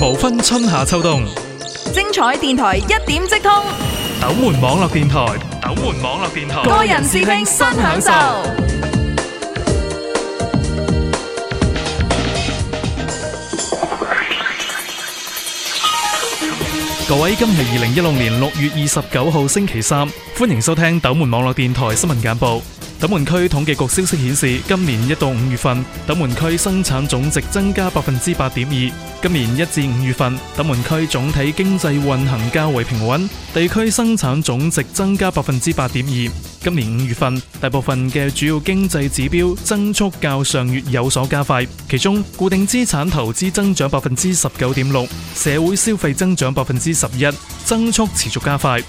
無分春夏秋冬，精彩電台一點即通。斗門網絡電台，斗門網絡電台，多人視聽，新享受。各位，今日二零一六年六月二十九號星期三，歡迎收聽斗門網絡電台新聞簡報。斗門區統計局消息顯示，今年一到五月份，斗門區生產總值增加百分之八點二。今年一至五月份，斗門區總體經濟運行較為平穩，地區生產總值增加百分之八點二。今年五月份，大部分嘅主要經濟指標增速較上月有所加快，其中固定資產投資增長百分之十九點六，社會消費增長百分之十一，增速持續加快。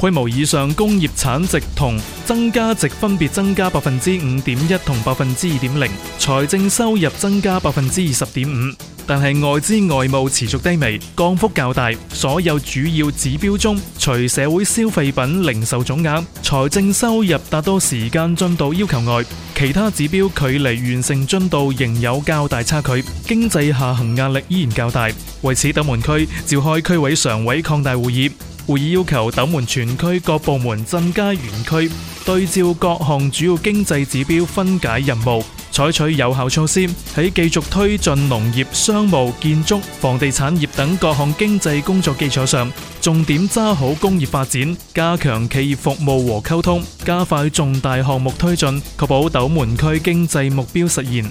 規模以上工業產值同增加值分別增加百分之五點一，同百分之二點零，財政收入增加百分之二十點五，但係外資外貿持續低迷，降幅較大。所有主要指標中，除社會消費品零售總額、財政收入達到時間進度要求外，其他指標距離完成進度仍有較大差距，經濟下行壓力依然較大。為此，斗門區召開區委常委擴大會議。會議要求斗門全區各部門、增加園區對照各項主要經濟指標分解任務，採取有效措施，喺繼續推進農業、商務、建築、房地產業等各項經濟工作基礎上，重點抓好工業發展，加強企業服務和溝通，加快重大項目推進，確保斗門區經濟目標實現。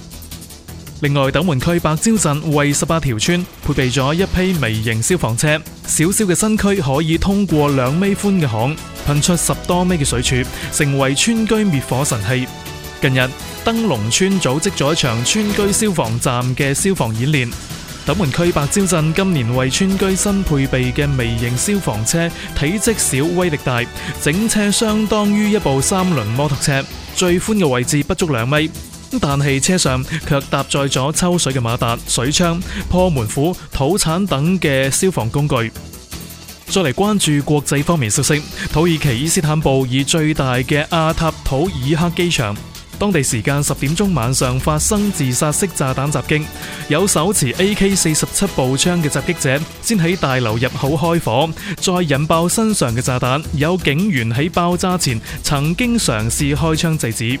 另外，斗門區白蕉鎮為十八條村配備咗一批微型消防車，小小嘅新區可以通過兩米寬嘅巷，噴出十多米嘅水柱，成為村居滅火神器。近日，燈籠村組織咗一場村居消防站嘅消防演練。斗門區白蕉鎮今年為村居新配備嘅微型消防車，體積小，威力大，整車相當於一部三輪摩托車，最寬嘅位置不足兩米。但係車上卻搭載咗抽水嘅馬達、水槍、破門斧、土產等嘅消防工具。再嚟關注國際方面消息，土耳其伊斯坦布爾以最大嘅阿塔土爾克機場，當地時間十點鐘晚上發生自殺式炸彈襲擊，有手持 AK 四十七步槍嘅襲擊者先喺大樓入口開火，再引爆身上嘅炸彈。有警員喺爆炸前曾經嘗試開槍制止。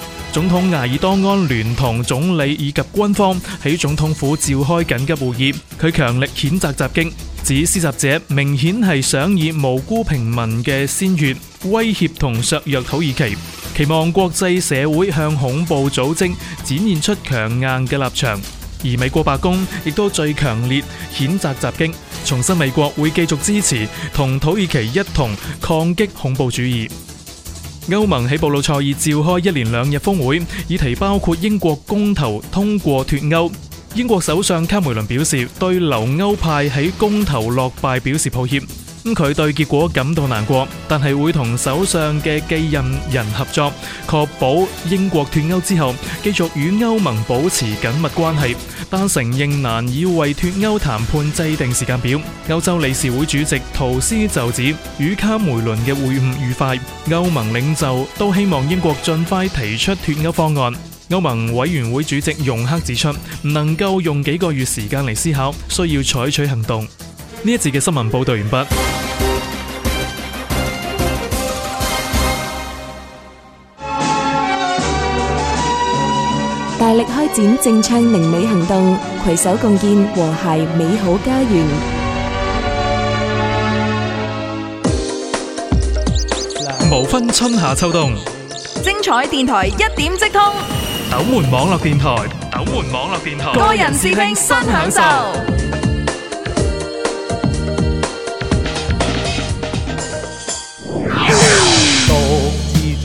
總統埃爾多安聯同總理以及軍方喺總統府召開緊急會議，佢強力譴責襲擊，指施襲者明顯係想以無辜平民嘅鮮血威脅同削弱土耳其，期望國際社會向恐怖組織展現出強硬嘅立場。而美國白宮亦都最強烈譴責襲擊，重申美國會繼續支持同土耳其一同抗擊恐怖主義。歐盟喺布魯塞爾召開一連兩日峰會，議題包括英國公投通過脫歐。英國首相卡梅倫表示，對留歐派喺公投落敗表示抱歉。咁佢對結果感到難過，但係會同首相嘅繼任人合作，確保英國脫歐之後繼續與歐盟保持緊密關係。但承認難以為脫歐談判制定時間表。歐洲理事會主席圖斯就指，與卡梅倫嘅會晤愉快。歐盟領袖都希望英國盡快提出脫歐方案。歐盟委員會主席容克指出，唔能夠用幾個月時間嚟思考，需要採取行動。呢一節嘅新聞報道完畢。大力開展淨暢寧美行動，携手共建和諧美好家園。無分春夏秋冬，秋冬精彩電台一點即通。斗門網絡電台，斗門網絡電台，個人視聽新享受。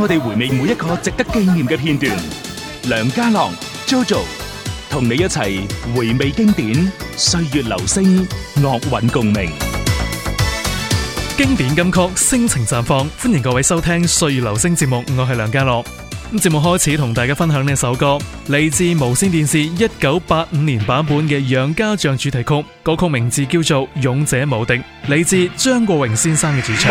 我哋回味每一個值得紀念嘅片段。梁家樂 Jojo 同你一齊回味經典歲月留聲樂韻共鳴。經典金曲聲情綻放，歡迎各位收聽歲月留聲節目。我係梁家樂。咁節目開始同大家分享呢首歌，嚟自無綫電視一九八五年版本嘅《楊家將》主題曲。那歌曲名字叫做《勇者無敵》，嚟自張國榮先生嘅主唱。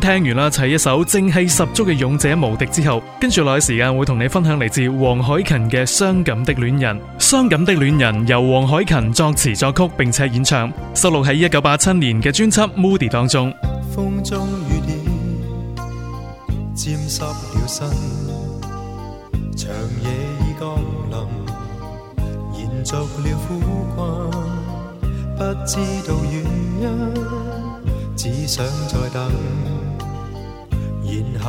聽完啦，齊一首正氣十足嘅《勇者無敵》之後，跟住落去時間會同你分享嚟自黃凱芹嘅《傷感的戀人》。《傷感的戀人》由黃凱芹作詞作曲並且演唱，收錄喺一九八七年嘅專輯《Moody》當中。風中雨點沾濕了身，長夜已降臨，延續了苦困，不知道原因，只想再等。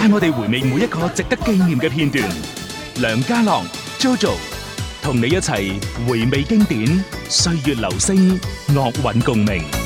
帶我哋回味每一個值得紀念嘅片段，梁家樂 Jojo 同你一齊回味經典，歲月留聲，樂韻共鳴。